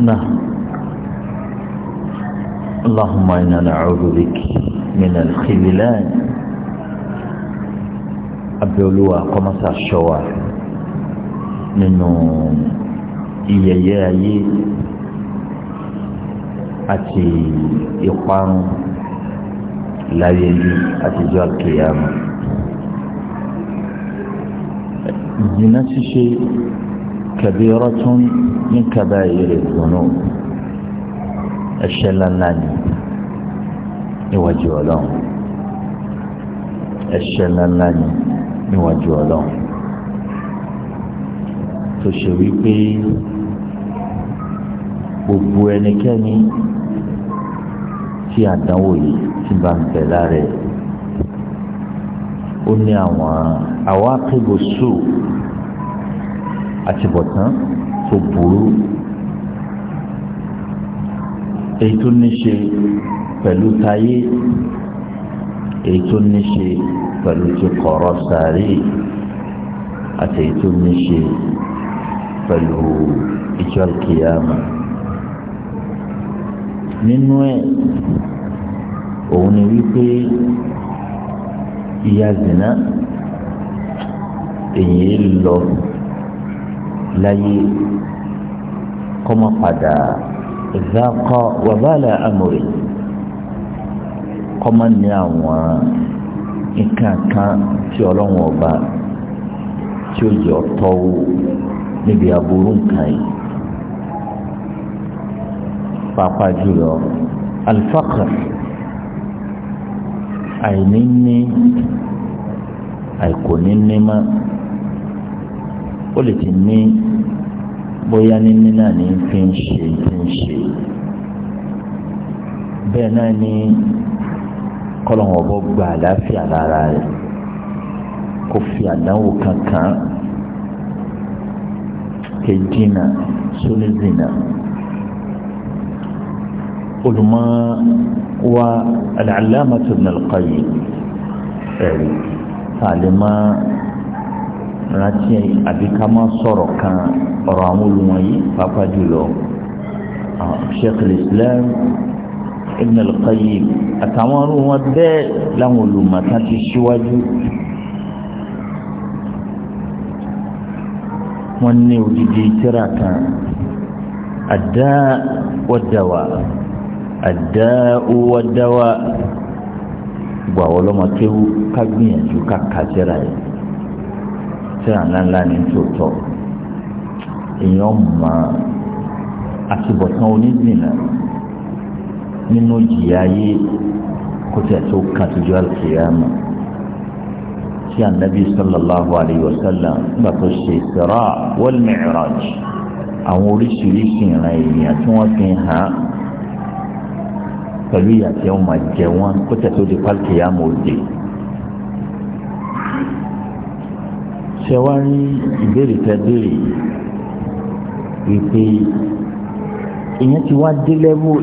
نعم اللهم إنا نعوذ بك من الخذلان abẹ́olúwa kọ́mọ́sà ṣọ́wà nínú ìyẹyẹ ayé àti ìparun láyé bí àtijọ́ àkèyàmù. ìjìnà ṣíṣe كبيرة من كبائر الذنوب ẹ̀ṣẹ̀ ńláńlá ni níwájú Ọlọ́run ẹ̀ṣẹ̀ ńláńlá ni níwájú Ọlọ́run tó ṣe wípé gbogbo ẹnikẹ́ni tí àdánwò yìí ti bá ń bẹ lára ẹ̀ ó ní àwọn àwọn akébo sùn àtibọ̀tán tó burú èyí tó ní ṣe pẹ̀lú táyé èyí tó ní ṣe pẹ̀lú ti kọ̀rọ̀ sàárè àti èyí tó ní ṣe pẹ̀lú ìjọ kìyàmù nínú ẹ̀ òun ni wípé ìyá zina èyí lọ láyé kọ́mọ padà ìzákọ́ wàbálà amòrè kọ́mọ ní àwọn nǹkan kan tí ọlọ́run ọba tí ó yẹ ọtọ́ níbi aburú nǹkan yìí pàápàá jùlọ alifakar àìní ní àìkò ní ní máa ó lè ti ní bóyá níní náà ní fi ń ṣe fi ń ṣe bẹ́ẹ̀ náà ní kọ́lọ́wọ́n bọ́ gba àlàáfíà lára rẹ̀ kò fi àdánwò kankan kejìnà sólẹ́sìnà olùmọ̀ wa al-allamah Ibn al ẹ̀rí àlèmọ́ rántí àbí ká má sọ̀rọ̀ kan ọ̀rọ̀ àwọn olùwọ̀nyí pàápàá jùlọ sheikh islam ibn al-qayyim àtàwọn ọ̀rọ̀ wọn bẹ́ẹ̀ láwọn olùmọ̀tá ti ṣíwájú wọ́n ní òdìdí tíra kan àdá wọ́dáwà àdá wọ́dáwà gbàwọ́ lọ́mọ kéwú ká gbìyànjú ká kà yìí tíra ńláńlá ní tòótọ́ èèyàn mọ àtúbọ̀tán onídìnnà nínú jìyà ayé kó tẹ̀ tó kàn tó jọ àlùkìyàmà tí ànábì sallallahu alayhi wa sallam nígbà tó ṣe Isra wal Mi'raj àwọn oríṣiríṣi ìran èèyàn tí wọ́n fi hàn pẹ̀lú ìyàtẹ̀ wọn máa jẹ wọn kó tẹ̀ tó di pálkìyàmà òde. ṣe wá ní ìbéèrè tẹ béèrè wípé ìyẹn ti wá dé lẹ́wọ́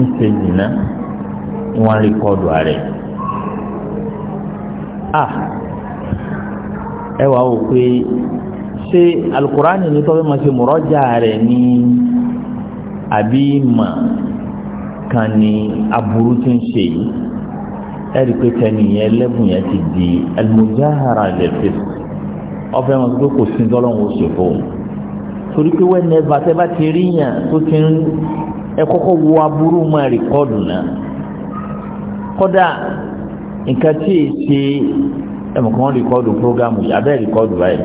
ń ṣe jìnnà wọ́n rí kọ́ọ̀dù ààrẹ. a ẹ wàá wò pé ṣé alukurani ní tọ́wé máa ṣe mọ̀rọ́jà rẹ̀ ní àbí mà kan ní aburú tí ń ṣe yìí ẹ̀rí pé tẹni yẹn lẹ́bùn yẹn ti di alimujahara lẹ́fẹ̀ ọbẹ̀ wọn tó kò sin dọ́lọ́wọ́ ṣòfò torí pé wọ́n ní ẹ̀fà tẹ́ bá ti rí yàn tó ti ń ẹ kọ́kọ́ wo aburú máa rìkọ́dù náà kódà nǹkan tí èyí ṣe ẹ̀mọ̀kan rìkọ́dù prógámù yìí abẹ́ rìkọ́dù báyìí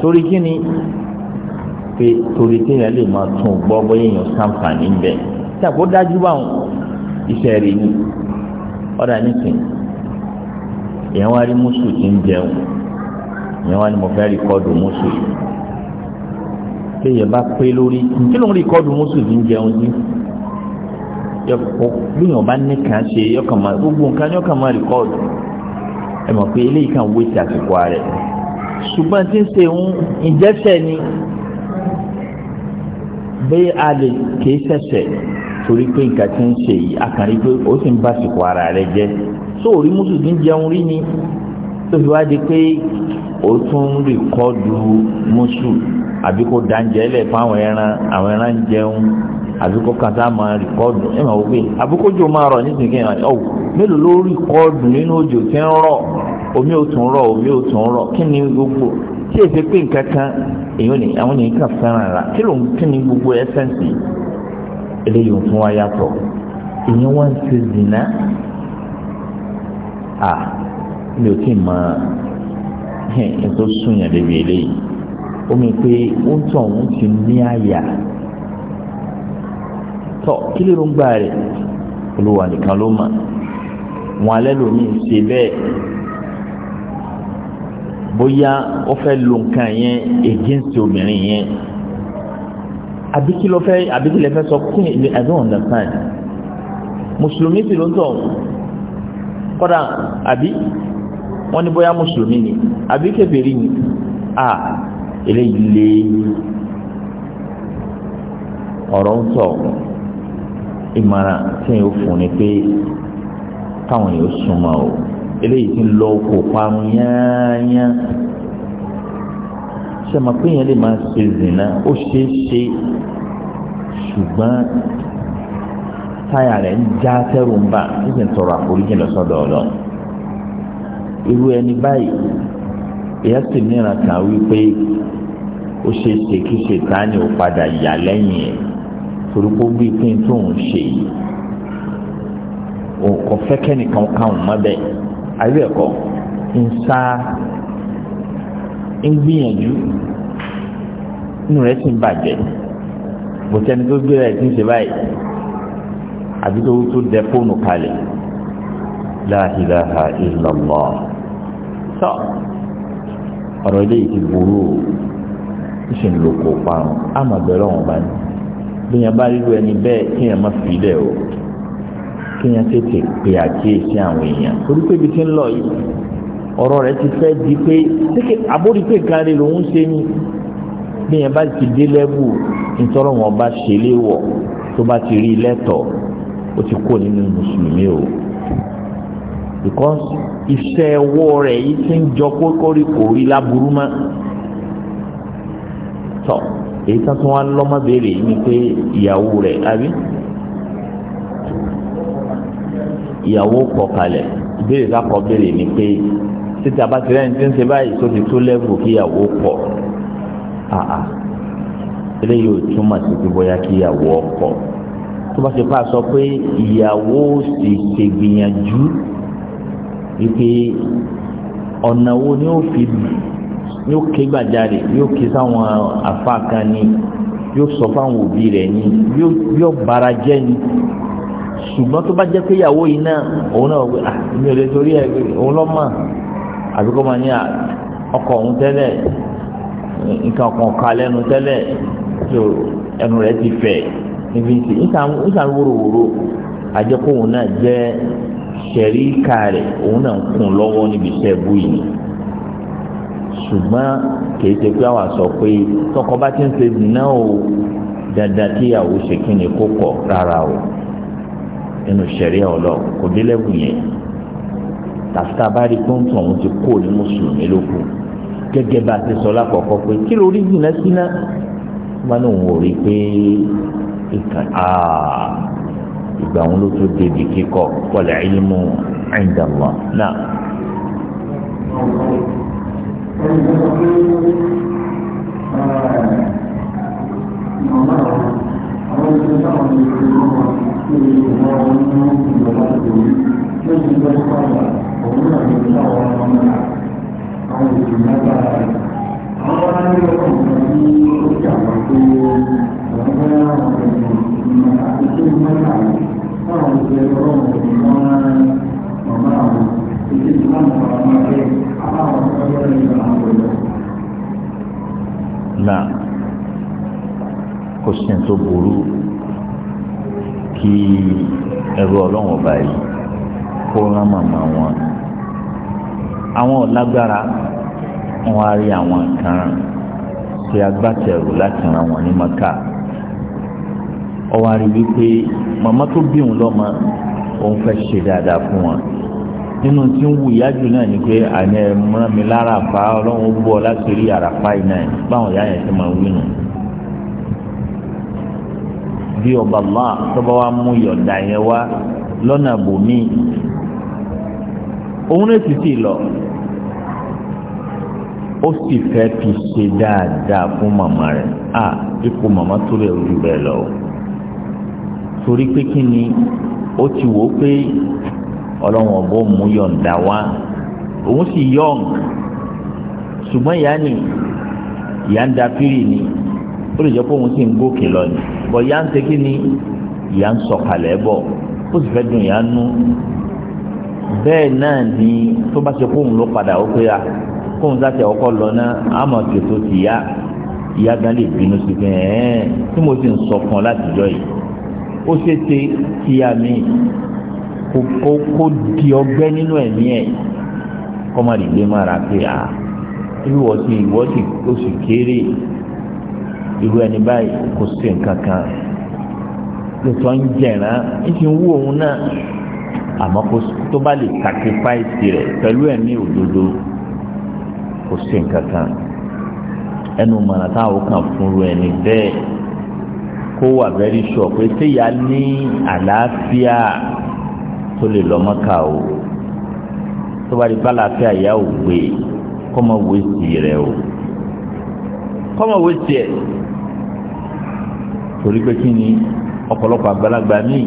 torí kí ni pé torí téèyàn lè máa tún gbọ́ bóyá èèyàn sàǹfààní ń tí àpò dájú báwọn iṣẹ́ ni ọ̀dà nìsín èèyàn wá rí mùsù tí ń jẹun èèyàn wá ní mo fẹ́ rìkọ́dù mùsù yìí téèyàn bá pé lórí kí ló ń rìkọ́dù mùsù tí ń jẹun sí yọkọ lóyún ọba nìkan ṣe yọkàn máa gbogbo nǹkan yọkàn máa rìkọ́dù ẹ mọ̀ pé eléyìí kan wé ti àsìkò ààrẹ ṣùgbọ́n tí ń ṣe ń ìjẹ́sẹ̀ ni bẹ́ẹ̀ a lè kéé sẹ̀sẹ̀ torí pé nǹkan tí ń ṣe yìí akànrí pé ó sì ń bá sìkò ara rẹ̀ jẹ́ sóòrí mùsùlùmí jẹun rí ni tó fi wá di pé ó tún ń rìkọ́dù mùsù àbí kó dáńjẹ lẹ̀ fún àwọn ẹran àwọn ẹran jẹun àbí kó kàtá máa rìkọ́dù ẹ máa wọ pé àbí kó jò máa rọ̀ nísìnyí kẹ́hìn mélòó ló rìkọ́dù nínú òjò tí ń rọ̀ omi ò tún rọ̀ omi ò tún rọ̀ kí ni gbogbo tí èsì pé nǹkan kan èyí ò àwọn ènìyàn kan fẹ́ràn rà kí ló ń kí ni gbogbo ẹsẹ̀ǹsì yìí eléyìí ò fún wa yàtọ̀ ìyẹn wọ́n ń ṣe zina à mi ò tí ì mọ ẹ̀ tó sùn yàn débi eléyìí ó mi pé ó ń tọ̀ òun ti ní àyà tọ́ kí ló ń gbà rẹ̀ olúwa nìkan ló mà wọn alẹ́ lòmíì ṣe bẹ́ẹ̀ bóyá ó fẹ́ lo nǹkan yẹn against obìnrin yẹn àbí kí ló fẹ́ àbí kí lè fẹ́ sọ kí ni I don't understand mùsùlùmí sì ló ń tọ̀ kọ́dà àbí wọ́n ní bóyá mùsùlùmí ni àbí kèfèrí ni à eléyìí lé ọ̀rọ̀ ń tọ̀ ìmọ̀ràn tí yóò fún ni pé káwọn yóò súnmọ́ o eléyìí ti lọ kó parun yáyá ṣe mọ̀ pé yẹn lè máa ṣe zìnà ó ṣe é ṣe ṣùgbọ́n táyà rẹ̀ ń já tẹ́rù ń bà ó sì ń tọrọ àforíjì lọ́sọ̀dọ̀ ọ̀dọ̀ irú ẹni báyìí èyí sì mìíràn kan wípé ó ṣe é ṣe kí ṣètáni ò padà yà lẹ́yìn ẹ̀ torí pé ó gbé pín tó ń ṣe yìí òun kò fẹ́ kẹ́nìkan káwọn mọ́ bẹ́ẹ̀ ayé ẹ̀kọ́ ń sá ń gbìyànjú inú rẹ̀ sì ń bàjẹ́ bó tẹni tó gbé rẹ̀ ti ń ṣe báyìí àbí tó tó dẹ fóònù kalẹ̀ la ilaha illallah tọ́ ọ̀rọ̀ ilé yìí ti burú o ó sì ń lo kó parun á mà bẹ̀rẹ̀ ọ̀hún bá ní bí bá rírú ẹni bẹ́ẹ̀ kí yẹn má fi lẹ̀ o kí yẹn tètè pè àkíyèsí àwọn èèyàn torí pé ibi tí ń lọ yìí ọ̀rọ̀ rẹ̀ ti fẹ́ di pé sékè àbórípé kan rẹ̀ lòún ṣe ni bí yẹn bá ti dé lẹ́bù nítorí wọn bá ṣe léwọ̀ tó bá ti rí lẹ́tọ̀ ó ti kó nínú mùsùlùmí o because iṣẹ́ ẹwọ́ rẹ̀ yìí ti ń jọ pé kórì kò rí láburú mọ́ tọ́ èyí tó tún wá lọ́mọbèrè ni pé ìyàwó rẹ̀ àbí ìyàwó kọ̀ kalẹ̀ ìbéèrè kakọ béèrè ni pé títa bá ti rẹ́ni tí ń ṣe báyìí tó ti tó lẹ́bù kí ìyàwó kọ̀ àà eléyìí ò túmọ̀ sí ti bóyá kí ìyàwó ọkọ̀ tó bá ti pa sọ pé ìyàwó sì ṣègbìyànjú wípé ọ̀nà wo ni ó fi yóò ké gbàjarè yóò ké sáwọn afáàkan ni yóò sọ fáwọn òbí rẹ̀ ni yóò bára jẹ́ ni ṣùgbọ́n tó bá jẹ́ pé ìyàwó yìí náà òun náà wí à ah, mi ò lè torí ẹ̀ òun lọ́ mọ̀ àbí kó máa ní ah, ọkọ òun tẹ́lẹ̀ nǹkan kan ká lẹ́nu tẹ́lẹ̀ tó ẹnu rẹ̀ ti fẹ̀ níbi tí nǹkan wúrowúro àjẹkóhun náà jẹ́ sẹ̀rí ká rẹ̀ òun náà ń kún lọ́wọ́ níbi iṣẹ́ bú yìí ṣùgbọ́n kìí ṣe pé àwa sọ pé tọkọ bá ti ń ṣe dùn náà o dandan kíyàwó ṣe kí ni kó kọ̀ rárá o nínú sẹ̀ríà ọlọ́ kò dé lẹ́wù yẹn tàfíà bá rí pé ń tàn òun ti kó ní mùsùlùmí lóko gẹ́gẹ́ bá a ti sọ lákọ̀ọ́kọ́ pé kí ló rí jìnnà síná wọn ní òun ò rí pé ìkàn ìgbà wọn ló tó débi kíkọ wọlé ilmu inda Allah náà. Thank you. 对于我们公司的话，属于这是一个创的，我们两个上完方面，然后就那个，然后他这个我们都讲了，就是我们我们哪些新分享，那我们觉得我们我们已经看到了嘛，对，那我们这个一个哪个的？那，question 都不如。kí ẹrú ọlọ́run ọba yìí kó rán màmá wọn àwọn ọ̀lágbára wọn á rí àwọn kan ṣe agbátẹrù láti ran wọn ní maka ọwọ́ àrí wípé màmá tó bí òun lọ́mọ òun fẹ́ ṣe dáadáa fún wọn nínú tí ń wù ìyájú náà ni pé àná ẹ̀ mọ́ mi lára àpá ọlọ́run ó bọ̀ láti rí àràpá yìí náà báwọn ìyá yẹn ti máa wí nù. bí ọba Allah tọ́ba wa mú yọ̀ǹda yẹn wá lọ́nà bòmí òun náà ti lọ ó sì fẹ́ fi ṣe dáadáa fún màmá rẹ̀ à ipò màmá tó bẹ́ẹ̀ lọ o torí pé kí ni ó ti wò ó pé ọlọ́wọ́n mú wá òun sì yọ̀ǹ ó lè jẹ́ pé òun sì ń gòkè lọ ni bọ̀ ìyá ń ṣe kí ni ìyá ń sọ̀kalẹ̀ bọ̀ ó sì fẹ́ dùn ìyá ń nú bẹ́ẹ̀ náà ni tó bá ṣe kóun ló padà ó pé a kóun sáṣẹ ọkọ lọ náà àmọ́ tètò ti yá ìyá gan lè bínú sí pé ẹ̀ẹ́n tí mo sì ń sọ fún ọ látijọ́ yìí ó ṣe ṣe tíya mi kó di ọgbẹ́ nínú ẹ̀mí ẹ̀ kọ́mọdé gbé mára pé a irú wọ́n sì wọ́n sì ó sì kéré irú ẹni báyìí kò sí nǹkan kan lóòótọ́ ń jẹ̀rán ń fi wú òun náà àmọ́ tó bá lè sacrifice rẹ̀ pẹ̀lú ẹ̀mí òdodo kò sí nǹkan kan ẹnu mọ̀nà táwọn kan fúnru ẹni bẹ́ẹ̀ kó wà very sure pé séyà ní àlàáfíà tó lè lọ́mọ́ka o tó bá di bá àlàáfíà ìyá ò gbé kọ́mọ wéṣì rẹ̀ o kọ́mọ wéṣì ẹ̀ torí pé kí ni ọ̀pọ̀lọpọ̀ àgbàlagbà míì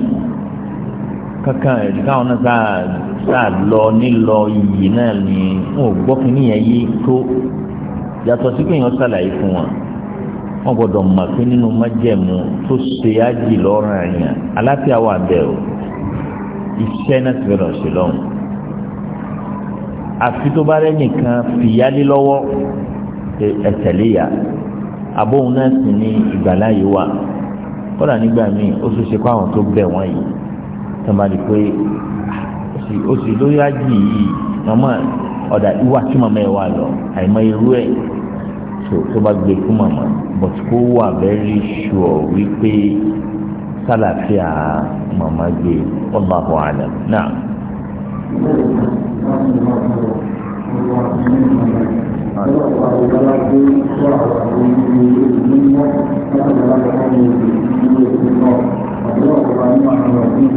kankan ẹ̀rí káwọn náà sáà sáà lọ nílọ iyì náà ni wọn ò gbọ́ kínní yẹn yé tó yàtọ̀ sí pé èèyàn ṣàlàyé fún wọn wọn gbọ́dọ̀ mọ̀ pé nínú májẹ̀mú tó ṣe ájì lọ́rùn àyàn aláfíà wà bẹ́ẹ̀ o iṣẹ́ náà ti gbọ́dọ̀ ṣe lọ́hùn àfi tó bá rẹ́ nìkan fìyálé lọ́wọ́ ẹ̀tẹ̀léyà abóhun náà sì ní ìgbàláyé wà kọ́dà nígbà míì ó tún ṣe kó àwọn tó bẹ̀ wọ́n yìí tó máa di pé ah, ó sì lórí ájì yìí màmá ọ̀dà ìwà tí màmá ẹ̀ wà lọ àìmọ irú ẹ̀ tó bá gbé fún màmá but kó wà very sure wípé sálàfíà màmá gbé wallahu alam náà. Thank Àmín.